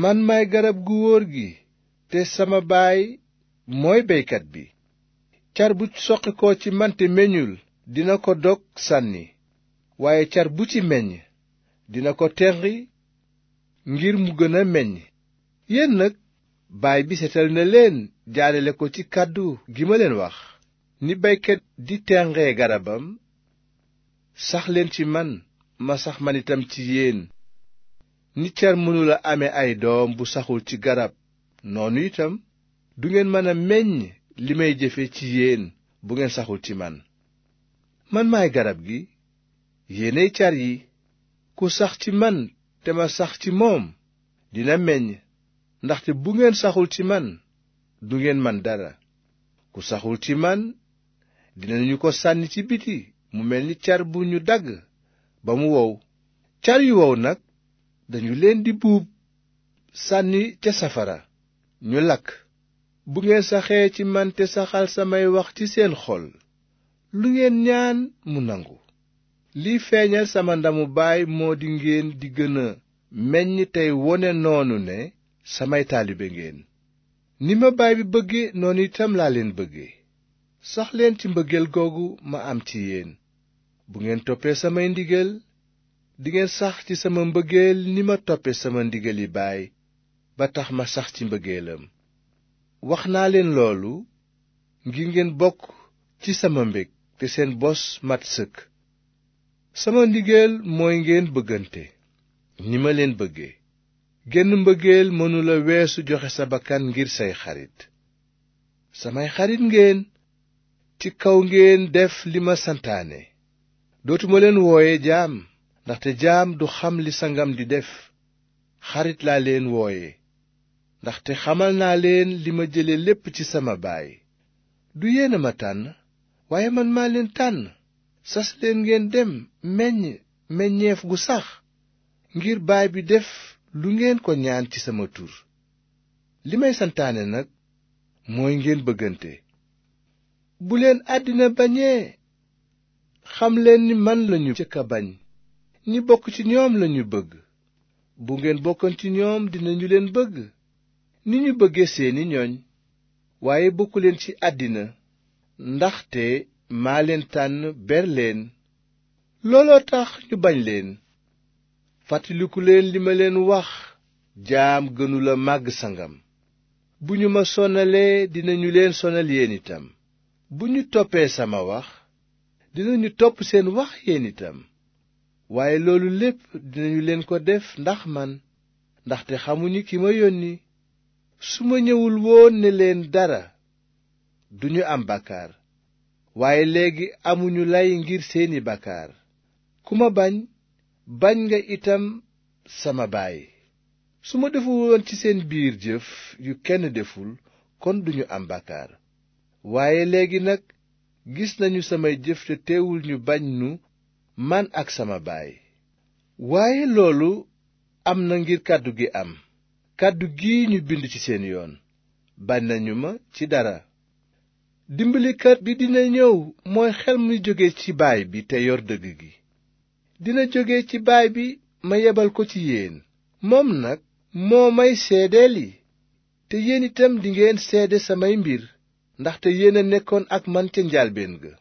man maay garab gu wóor gi te sama baay mooy baykat bi car bu soqi ko ci mante te dina ko dog sànni waaye car bu ci meññ dina ko tenqi ngir mu gën a meññ yéen nag baay bi setal na leen jaarale ko ci kàddu gi ma leen wax ni baykat di tenge garabam saxleen ci man ma sax man itam ci yéen ni cer mënula ame ay doom bu saxul ci garab noonu itam du ngeen mën a meññ li may jëfe ci yéen bu ngeen saxul ci man man maay garab gi yéenay car yi ku sax ci man te ma sax ci moom dina meññ ndaxte bu ngeen saxul ci man du ngeen man dara ku saxul ci man ñu ko sànni ci biti mu mel ni car bu ñu dagg ba mu wow car yu wow nag dañu leen di buub sànni ca safara ñu lakk bu ngeen saxee ci man te saxal samay wax ci seen xol lu ngeen ñaan mu nangu lii feeñal sama ndamu baay moo di ngeen di gën a meññ tey wone noonu ne samay taalibe ngeen ni ma baay bi bëgge noonu itam laa leen bëgge saxleen ci mbëggeel googu ma am ci yéen bu ngeen toppee samay ndigal dingeen sax ci sama mbëggeel ni ma toppe sama ndigali baay ba tax ma sax ci mbëggeelam wax naa leen loolu ngir ngeen bokk ci sama mbég te seen bos mat sëkk sama ndigal mooy ngeen bëggante ni ma leen bëgge genn mbëggeel mënula weesu joxe sa bakkan ngir say xarit samay xarit ngeen ci kaw ngeen def li ma santaane dootuma leen wooye jaam ndaxte jaam du xam li sangam di def xarit laa leen wooye ndaxte xamal naa leen li ma jële lépp ci sama baay du yéena ma tànn waaye man maa leen tànn sas leen ngeen dem meññ meññeef gu sax ngir baay bi def lu ngeen ko ñaan ci sama tur li may santaane nag mooy ngeen bëggante bu leen àddina bañee xam leen ni man lañu jëkk a bañ ñi bokk ci ñoom lañu bëgg bu ngeen bokkoon ci ñoom dinañu leen bëgg ni ñu bëggee seeni ñooñ waaye bokkuleen ci àddina ndaxte maa leen tànn ber leen looloo tax ñu bañ leen fàttaliku leen li ma leen wax jaam gënula màgg sangam bu ñu ma sonalee dinañu leen sonal yéen itam bu ñu toppee sama wax dinañu topp seen wax yéen itam waaye loolu lépp dinañu leen ko def ndax man ndaxte xamuñu ki ma yónni su ma ñëwul woon ne leen dara duñu am bàkkaar waaye léegi amuñu lay ngir seeni bàkkaar ku ma bañ bañ nga itam sama baay su ma deful woon ci seen biir jëf yu kenn deful kon duñu am bàkkaar waaye léegi nag gis nañu samay jëf te teewul ñu bañ nu man ak sama baay waaye loolu am na ngir kàddu gi am kàddu gi ñu bind ci seen yoon bañ nañu ma ci dara dimbalikat bi dina ñëw mooy xel muy jóge ci baay bi te yor dëgg gi dina jóge ci baay bi ma yebal ko ci yéen moom nag moo may seedeel yi te yéen itam dingeen seede samay mbir ndaxte yéen a nekkoon ak man ca njaalbeen ga